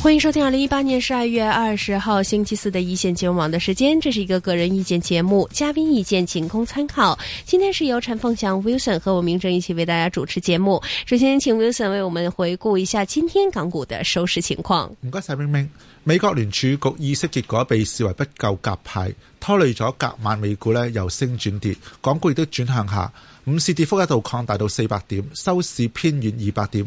歡迎收聽二零一八年十二月二十號星期四的一線金融網的時間，這是一個個人意見節目，嘉賓意見僅供參考。今天是由陳鳳祥 Wilson 和我明正一起為大家主持節目。首先，請 Wilson 為我們回顧一下今天港股的收市情況。唔該晒，明明美國聯儲局議息結果被視為不夠鴿派，拖累咗隔晚美股咧由升轉跌，港股亦都轉向下，午市跌幅一度擴大到四百點，收市偏軟二百點，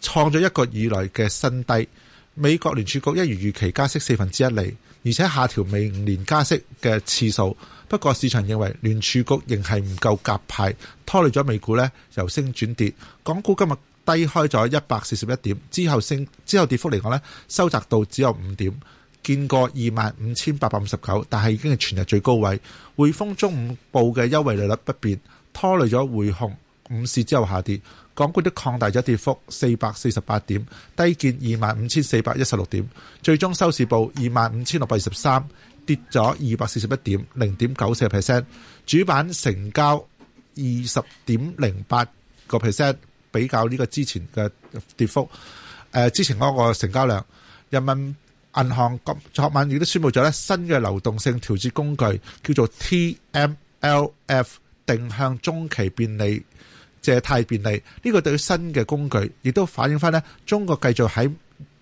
創咗一個以來嘅新低。美國聯儲局一如預期加息四分之一厘，而且下調明年加息嘅次數。不過市場認為聯儲局仍係唔夠鴿派，拖累咗美股呢由升轉跌。港股今日低開咗一百四十一點，之後升，之後跌幅嚟講呢，收窄到只有五點，見過二萬五千八百五十九，但係已經係全日最高位。匯豐中午報嘅優惠利率不變，拖累咗匯控，午市之後下跌。港股都擴大咗跌幅，四百四十八點，低見二萬五千四百一十六點，最終收市報二萬五千六百二十三，跌咗二百四十一點，零點九四 percent。主板成交二十點零八個 percent，比較呢個之前嘅跌幅。誒、呃，之前嗰個成交量。人民銀行昨晚亦都宣布咗咧新嘅流動性調節工具，叫做 TMLF，定向中期便利。借貸便利，呢、這個對於新嘅工具，亦都反映翻咧，中國繼續喺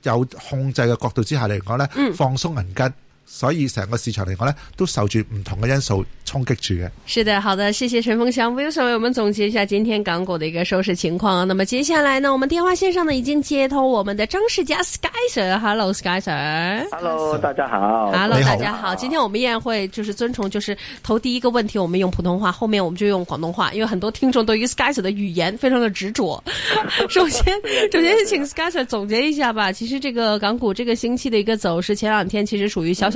有控制嘅角度之下嚟講咧，放鬆銀根。所以成個市場嚟講呢，都受住唔同嘅因素衝擊住嘅。是的，好的，謝謝陳鳳祥 Vincent，為我們總結一下今天港股的一個收市情況。那麼接下來呢，我們電話線上呢已經接通我們的張士佳，Skyser，Hello，Skyser，Hello，Sky 大家好，Hello，好大家好。今天我們依然會就是遵從，就是頭第一個問題，我們用普通話，後面我們就用廣東話，因為很多聽眾對於 Skyser 的語言非常的執着。 首先， 首先是請 Skyser 總結一下吧。其實這個港股這個星期的一個走勢，前兩天其實屬於小，小。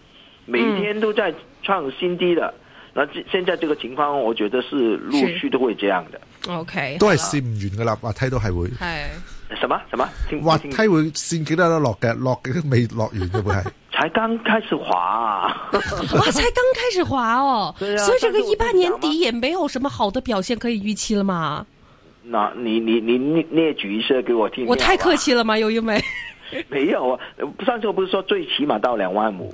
每天都在創新低的，那、嗯、現現在這個情況，我覺得是陸續都會這樣的。嗯、o、okay, K，都係線唔完噶啦，滑梯都係會。係什麼什麼？滑梯會線幾多都落嘅，落嘅都未落完嘅會係。 才剛開始滑，啊。 哇，才剛開始滑哦。 對啊、所以，這個一八年底也沒有什麼好的表現可以預期了嗎？那你，你你你列列舉一些給我聽。我太客氣了嗎， 有因一為沒。 沒有啊，上次我不是說最起碼到兩萬五。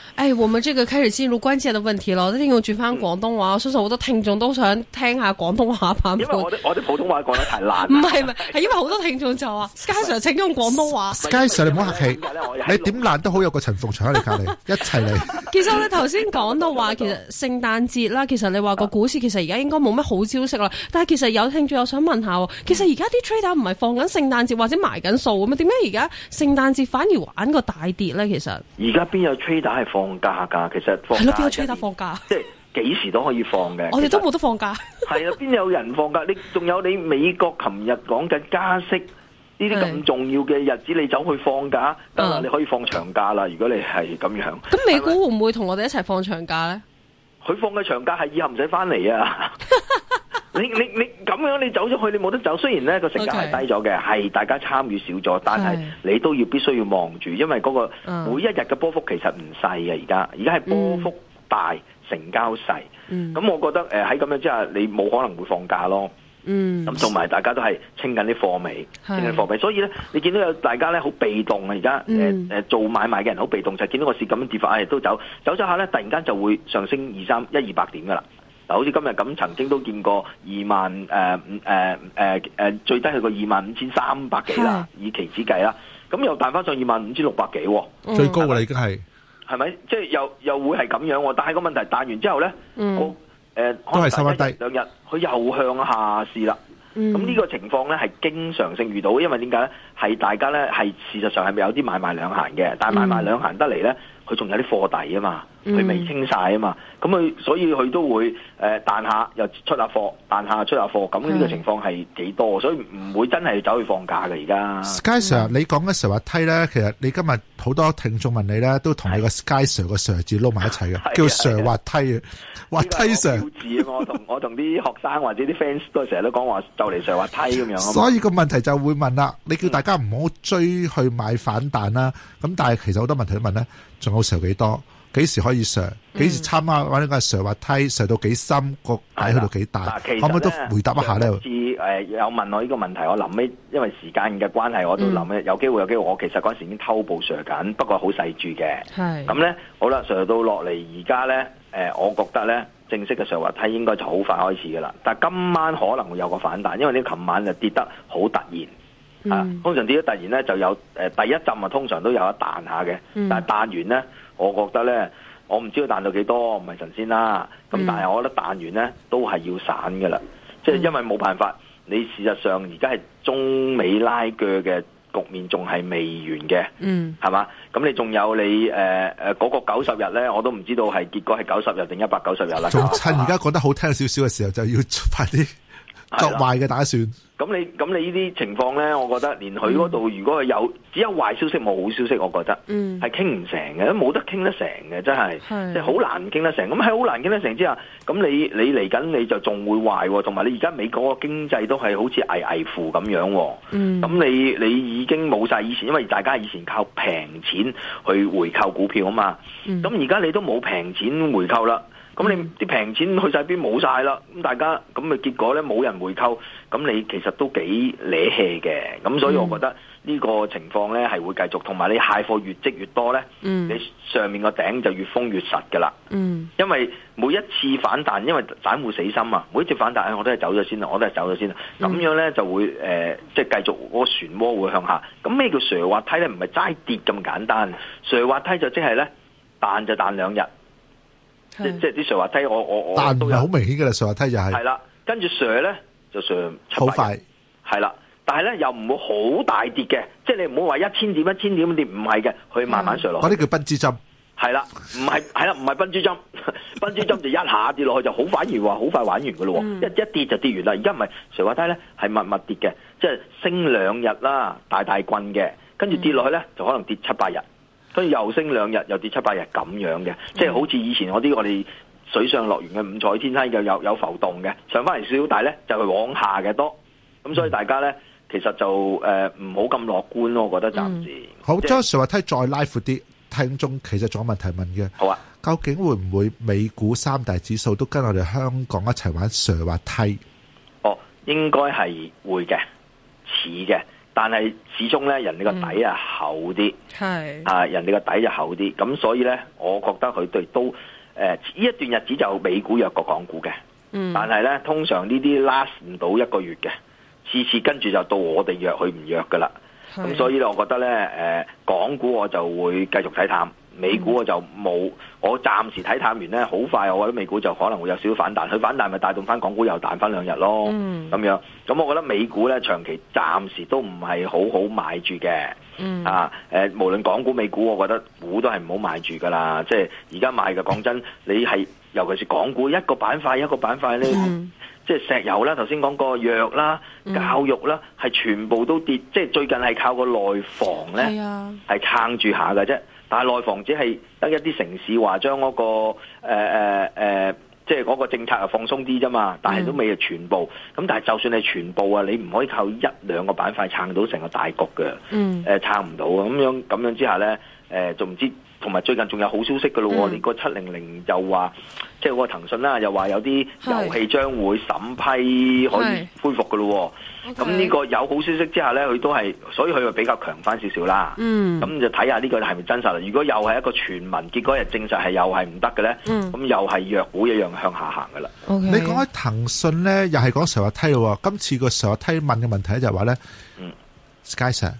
誒、哎，我們這個開始進入關鍵的問題咯，一定要轉翻廣東話。嗯、我相信好多聽眾都想聽下廣東話版。因為我啲我啲普通話講得太爛，唔係唔係，係 不是 因為好多聽眾就話，佳 Sir，請用廣東話。佳 Sir， 你唔好客氣， 你點爛都好，有個陳鳳祥喺你隔籬， 一齊嚟。其實我哋頭先講到話， 其實聖誕節啦，其實你話個股市，其實而家應該冇乜好消息啦。但係其實有聽眾我想問下，其實而家啲 trader 唔係放緊聖誕節或者埋緊數咁啊？點解而家聖誕節反而玩個大跌咧？其實而家邊有 trader 係放？放假噶，其實係咯，邊個吹得放假？即係幾時都可以放嘅。 我哋都冇得放假。係 啊，邊有人放假？你仲有你美國？琴日講緊加息呢啲咁重要嘅日子，你走去放假，嗯、你可以放長假啦。如果你係咁樣，咁、嗯、美股會唔會同我哋一齊放長假咧？佢放嘅長假係以後唔使翻嚟啊！ 你你你咁樣你走咗去你冇得走，雖然咧個成交係低咗嘅，係、okay, 大家參與少咗，但係你都要必須要望住，因為嗰個每一日嘅波幅其實唔細嘅，而家而家係波幅大，嗯、成交細。咁、嗯、我覺得喺咁、呃、樣之下，你冇可能會放假咯。咁同埋大家都係清緊啲貨尾，清緊貨尾，所以咧你見到有大家咧好被動啊，而家、嗯呃、做買賣嘅人好被動，就見、是、見到個市咁樣跌返，都走走咗下咧，突然間就會上升二三一二百點㗎喇。好似今日咁，曾經都見過二萬誒誒誒誒，最低去過二萬五千三百幾啦， 以期指計啦。咁又彈翻上二萬五千六百幾，最高嘅啦已經係係咪？即係又又會係咁樣？但係個問題彈完之後咧，都係收翻低。兩日佢又向下試啦。咁、嗯、呢個情況咧係經常性遇到，因為點解咧？係大家咧係事實上係咪有啲買賣兩行嘅？但買賣兩行得嚟咧，佢、嗯、仲有啲貨底啊嘛。佢、嗯、未清晒啊嘛，咁佢所以佢都會誒、呃、彈下又彈下又出下貨，彈下出下貨。咁呢個情況係幾多，所以唔會真係走去放假嘅而家。Sky Sir、嗯、你講嘅蛇滑梯咧，其實你今日好多聽眾問你咧，都同你個 Sky Sir 個 Sir 字撈埋一齊嘅、啊，叫蛇滑梯啊，啊，滑梯 Sir 字我同 我同啲學生或者啲 fans 都成日都講話就嚟蛇滑梯咁樣。所以個問題就會問啦，你叫大家唔好追去買反彈啦。咁、嗯、但係其實好多問題都問咧，仲有剩幾多少？幾時可以上？幾時差孖玩呢個上滑梯？上到幾深？個底去到幾大？可唔可以都回答一下咧？至誒、呃、有問我呢個問題，我諗起，因為時間嘅關係，我都諗起、嗯，有機會有機會。我其實嗰時已經偷步上緊，不過好細注嘅。係咁咧，好啦，上到落嚟而家咧，誒、呃，我覺得咧，正式嘅上滑梯應該就好快開始㗎喇。但係今晚可能會有個反彈，因為你琴晚就跌得好突然吓，通常跌得突然咧，就有誒第一浸啊，通常，有、呃、一通常都有得彈下嘅、嗯，但係彈完咧。我覺得咧，我唔知道彈到幾多，唔係神仙啦。咁、嗯、但係我覺得彈完咧，都係要散嘅啦、嗯。即係因為冇辦法，你事實上而家係中美拉鋸嘅局面仲係未完嘅，嗯，係嘛？咁你仲有你誒誒嗰個九十日咧，我都唔知道係結果係九十日定一百九十日啦。仲趁而家覺得好聽少少嘅時候，就要快啲。 作壞嘅打算，咁你咁你況呢啲情況咧，我覺得連佢嗰度，如果係有只有壞消息冇好消息，我覺得係傾唔成嘅，都、嗯、冇得傾得成嘅，真係，即係好難傾得成。咁喺好難傾得成之下，咁你你嚟緊你就仲會壞，同埋你而家美國嘅經濟都係好似危危乎咁樣，咁、嗯、你你已經冇晒以前，因為大家以前靠平錢去回購股票啊嘛，咁而家你都冇平錢回購啦。咁、嗯、你啲平錢去曬邊，冇曬啦，咁大家咁嘅結果咧冇人回購，咁你其實都幾攣氣嘅，咁所以我覺得呢個情況咧係會繼續，同埋你蟹貨越積越多咧、嗯，你上面個頂就越封越實噶啦，嗯，因為每一次反彈，因為散戶死心啊，每一次反彈我都係走咗先啦，我都係走咗先啦，咁樣咧、嗯、就會即係、呃即係、繼續、個漩渦會向下，咁咩叫斜滑梯咧？唔係齋跌咁簡單，斜滑梯就即係咧彈就彈兩日。是即即啲上滑梯我，我我我，但唔係好明顯噶啦，上滑梯就係係啦，跟住上咧就上好快，係啦，但係咧又唔會好大跌嘅，即係你唔好話一千點一千點咁跌，唔係嘅，佢慢慢上落。嗰啲叫崩珠針，係啦，唔係係啦，唔係崩珠針，崩珠針就一下跌落去就好，反而話好快玩完噶咯，一、嗯、一跌就跌完啦。而家唔係上滑梯咧，係密密跌嘅，即係升兩日啦，大大棍嘅，跟住跌落去咧、嗯、就可能跌七八日。所以又升兩日，又跌七八日，咁樣嘅，即係好似以前我啲我哋水上樂園嘅五彩天梯，又有有浮動嘅，上翻嚟少少，但係咧就係往下嘅多，咁所以大家咧其實就誒唔好咁樂觀咯，我覺得暫時。好，將蛇滑梯再拉闊啲，聽眾其實仲有問題問嘅。好啊，究竟會唔會美股三大指數都跟我哋香港一齊玩蛇滑梯？哦，應該係會嘅，似嘅。但係始終咧，人哋個底厚、嗯、啊底厚啲，係啊人哋個底就厚啲，咁所以咧，我覺得佢對都誒呢一段日子就美股弱過港股嘅，嗯，但係咧通常呢啲 last 唔到一個月嘅，次次跟住就到我哋弱佢唔弱噶啦，咁所以咧，我覺得咧誒、呃、港股我就會繼續睇淡。美股我就冇、嗯，我暫時睇探完咧，好快我覺得美股就可能會有少少反彈，佢反彈咪帶動翻港股又彈翻兩日咯，咁、嗯、樣。咁我覺得美股咧長期暫時都唔係好好買住嘅、嗯，啊，誒、呃，無論港股美股，我覺得股都係唔好買住噶啦。即係而家買嘅，講真，你係尤其是港股一個板塊一個板塊咧，即、嗯、係、就是、石油啦，頭先講過藥啦、嗯、教育啦，係全部都跌，即、就、係、是、最近係靠個內房咧，係撐住下㗎啫。但內房只係得一啲城市話將嗰、嗰個誒誒即係嗰個政策放鬆啲啫嘛，但係都未係全部。咁、嗯、但係就算係全部啊，你唔可以靠一兩個板塊撐到成個大局嘅，誒、嗯、撐唔到啊！咁樣咁樣之下咧，誒就唔知？同埋最近仲有好消息嘅咯喎，連個七零零又話，即係嗰個騰訊啦，又話有啲遊戲將會審批可以恢復嘅咯喎。咁呢個有好消息之下咧，佢都係，所以佢又比較強翻少少啦。嗯，咁就睇下呢個係咪真實啦。如果又係一個傳聞，結果係證實係又係唔得嘅咧，嗯，咁又係弱股一樣向下行嘅啦。Okay. 你講起騰訊咧，又係講成日梯咯。今次個成日梯問嘅問題就係話咧，嗯，Skyson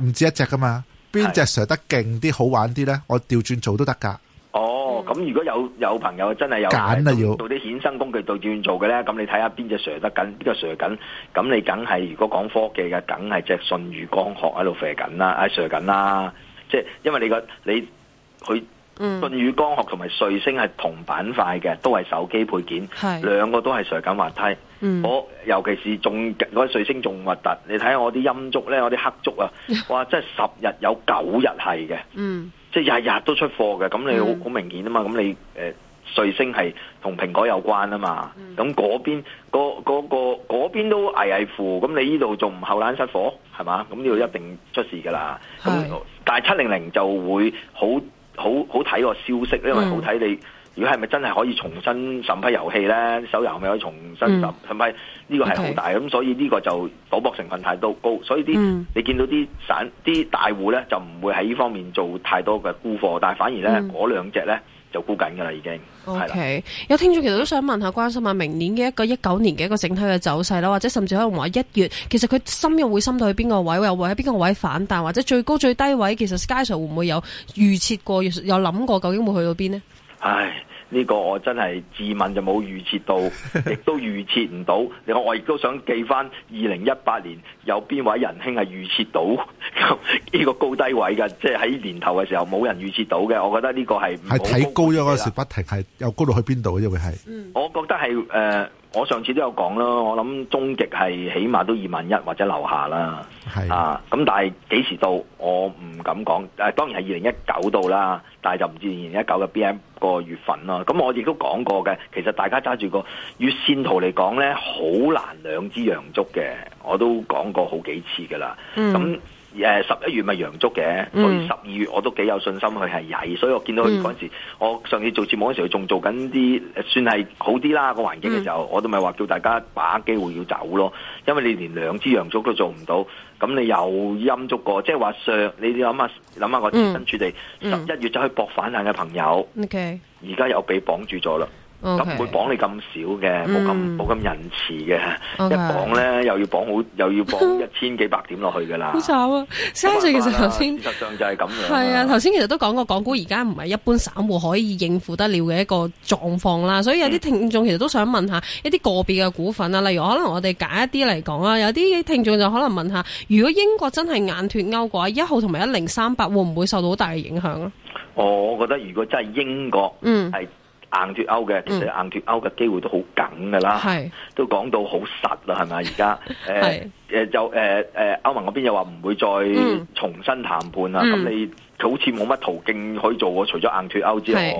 唔止一隻噶嘛。啊邊隻 share 得勁啲好玩啲咧？我調轉做都得噶。哦，咁如果有有朋友真係有揀啊，要做啲衍生工具調轉做嘅咧，咁你睇下邊隻 share 得緊，邊個 share 緊？咁你梗係如果講科技嘅，梗係隻信宇光學喺度 share 緊啦哎，share 緊啦。即係因為你個你佢、嗯、信宇光學同埋瑞星係同板塊嘅，都係手機配件，兩個都係 share 緊滑梯。我、嗯、尤其是仲嗰啲瑞星仲核突，你睇下我啲陰燭咧，我啲黑燭啊， 哇！即係十日有九日係嘅、嗯，即係日日都出貨嘅。咁你好好明顯啊嘛，咁、嗯、你誒瑞星、呃、係同蘋果有關啊嘛，咁嗰邊嗰個嗰邊、嗰個、都危危乎，咁你呢度仲唔後欄失火係嘛？咁呢度一定出事噶啦。咁但係七零零就會好好好睇個消息，因為好睇你。嗯如果係咪真係可以重新審批遊戲咧？手遊係咪可以重新審批？呢、嗯呢個係好大咁，okay. 所以呢個就賭博成分太多高，所以啲、嗯、你見到啲散啲大戶咧就唔會喺呢方面做太多嘅沽貨，但係反而咧嗰、嗯、兩隻咧就沽緊嘅啦，已經係啦。有、okay. 聽眾其實都想問一下關心下、啊、明年嘅一個一九年嘅一個整體嘅走勢啦，或者甚至可能話一月其實佢深入會深到去邊個位，又會喺邊個位反彈，或者最高最低位其實 Sky Sir 會唔會有預設過，有諗過究竟會去到邊呢？唉，呢、呢個我真係自問就冇預設到，亦都預設唔到。你我我亦都想記翻二零一八年有邊位仁兄係預設到呢個高低位嘅，即係喺年頭嘅時候冇人預設到嘅。我覺得呢個係係睇高咗陣時不停係又高到去邊度，即係會係。嗯，我覺得係誒。呃我上次都有講啦，我諗終極係起碼都二萬一或者樓下啦，啊，咁但係幾時到？我唔敢講，誒，當然係二零一九到啦，但係就唔知二零一九嘅邊個個月份啦。咁我亦都講過嘅，其實大家揸住個月線圖嚟講呢，好難兩支陽燭嘅，我都講過好幾次噶啦，咁、嗯。誒，十一月咪陽燭嘅，所以十二月我都幾有信心佢係曳，所以我見到佢嗰陣時、嗯，我上次做節目嗰陣時候還，佢仲做緊啲算係好啲啦個環境嘅時候，嗯、我都咪話叫大家把握機會要走咯，因為你連兩支陽燭都做唔到，咁你又陰燭過，即係話上你諗下諗下我設身處地，十、嗯、一、嗯、月就可以搏反彈嘅朋友，而、okay. 家又俾綁住咗啦。咁唔會綁你咁少嘅，冇咁冇咁仁慈嘅，okay, 一綁咧又要綁好，又要綁一千幾百點落去噶啦。好 慘啊！三成其實頭先，事實上就係咁樣。係啊，頭先其實都講過，港股而家唔係一般散戶可以應付得了嘅一個狀況啦。所以有啲聽眾其實都想問下一啲個別嘅股份啊，例如可能我哋揀一啲嚟講啦。有啲聽眾就可能問下，如果英國真係硬脱歐嘅話，一號同埋一零三八會唔會受到好大嘅影響啊？我覺得如果真係英國，嗯，係。硬脱歐嘅，其實硬脱歐嘅機會都好緊㗎啦，嗯、都講到好實啦，係咪？而家誒誒就誒誒、呃呃、歐盟嗰邊又話唔會再重新談判啊，咁、嗯嗯、你好似冇乜途徑可以做喎，除咗硬脱歐之外，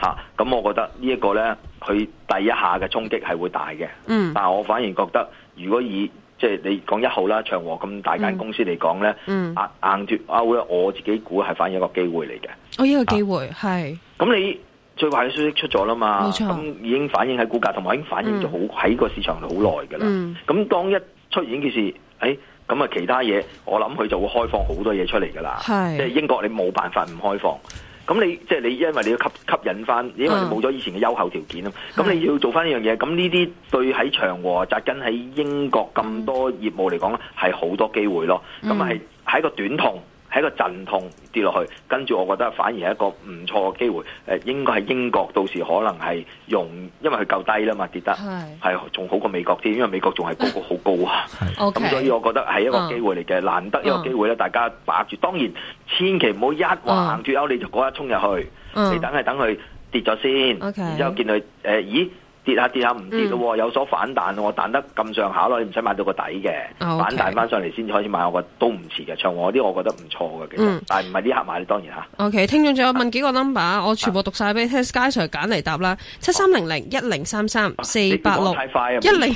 嚇咁，啊、那我覺得這個呢一個咧，佢第一下嘅衝擊係會大嘅。嗯，但係我反而覺得，如果以即係、就是、你講一號啦，長和咁大間公司嚟講咧，壓、嗯嗯啊、硬脱歐咧，我自己估係反而一個機會嚟嘅。哦，呢、這個機會係。咁、啊、你？最壞嘅消息出咗啦嘛，咁已經反映喺股價，同埋已經反映咗好喺個市場度好耐㗎啦。咁、嗯、當一出現件事，誒咁啊其他嘢，我諗佢就會開放好多嘢出嚟㗎啦。即係、就是、英國你冇辦法唔開放，咁你即係、就是、你因為你要吸吸引翻，因為你冇咗以前嘅優厚條件啊，咁、嗯、你要做翻呢樣嘢。咁呢啲對喺長和紮根喺英國咁多業務嚟講，係、嗯、好多機會咯。咁啊係一個短痛。喺個陣痛跌落去，跟住我覺得反而係一個唔錯嘅機會。誒、呃，應該係英國到時可能係用，因為佢夠低啦嘛，跌得係仲好過美國啲，因為美國仲係高過好高啊。咁、 okay. 所以我覺得係一個機會嚟嘅、嗯，難得一個機會咧、嗯，大家把握住。當然，千祈唔好一橫脫歐、嗯、你就嗰一衝入去，你、嗯、等係等佢跌咗先，okay. 然之後見佢誒、呃、咦。跌下跌下唔跌咯、嗯，有所反彈我彈得咁上下咯，你唔使買到個底嘅。哦、okay, 反彈翻上嚟先可以買我個都唔遲嘅，唱我啲我覺得唔錯嘅，其實但係唔係啲客買，當然下。OK，聽眾仲有問幾個 number，、啊、我全部讀曬俾，聽 Sir 揀嚟答啦，七三零零一零三三四八六太快啊一零。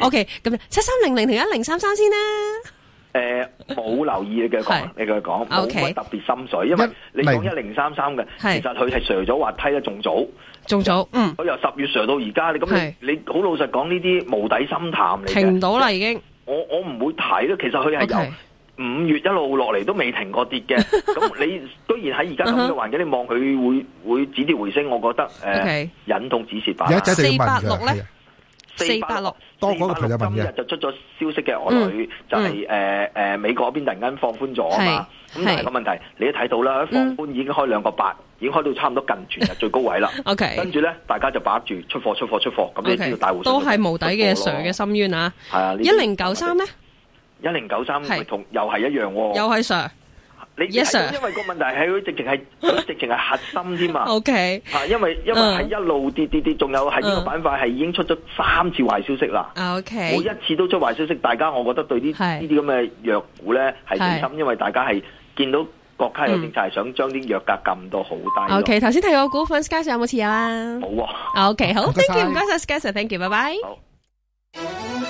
OK，咁七三零零同一零三三先啦、啊。誒、呃，冇留意你嘅講，你佢講冇乜特別心水，okay, 因為你講一零三三嘅，其實佢係瀡咗滑梯咧，仲早，仲早、呃，嗯，佢由十月瀡到而家，你咁你你好老實講呢啲無底深潭嚟嘅，停到啦已經，我我唔會睇咯，其實佢係由五月一路落嚟都未停過跌嘅，咁、okay, 你居然喺而家咁嘅環境，你望佢會會止跌回升，我覺得誒，忍痛止蝕吧，四八六咧。四八六，多嗰今日就出咗消息嘅，我、嗯、女就係誒誒美國嗰邊突然間放寬咗啊嘛，咁但係個問題你都睇到啦、嗯，放寬已經開兩個八，已經開到差唔多近全日最高位啦。 OK，跟住咧大家就把握住出貨出貨出貨，咁呢啲大戶，okay, 都係無底嘅水嘅深淵啊！係啊，一零九三咧，一零九三係同又係一樣、啊，又係水。你因為個問題係佢直情係佢直情係核心添嘛？O K，啊，因為因為係一路跌跌跌，仲有係呢個板塊係已經出咗三次壞消息啦。O K，每一次都出壞消息，大家我覺得對啲呢啲咁嘅藥股咧係信心，因為大家係見到國家有政策係想將啲藥價撳到好低。O K，頭先睇個股份 Sky 上有冇持有啊？冇喎。O K，好，Thank you，唔該晒 Sky Sir，Thank you，拜拜。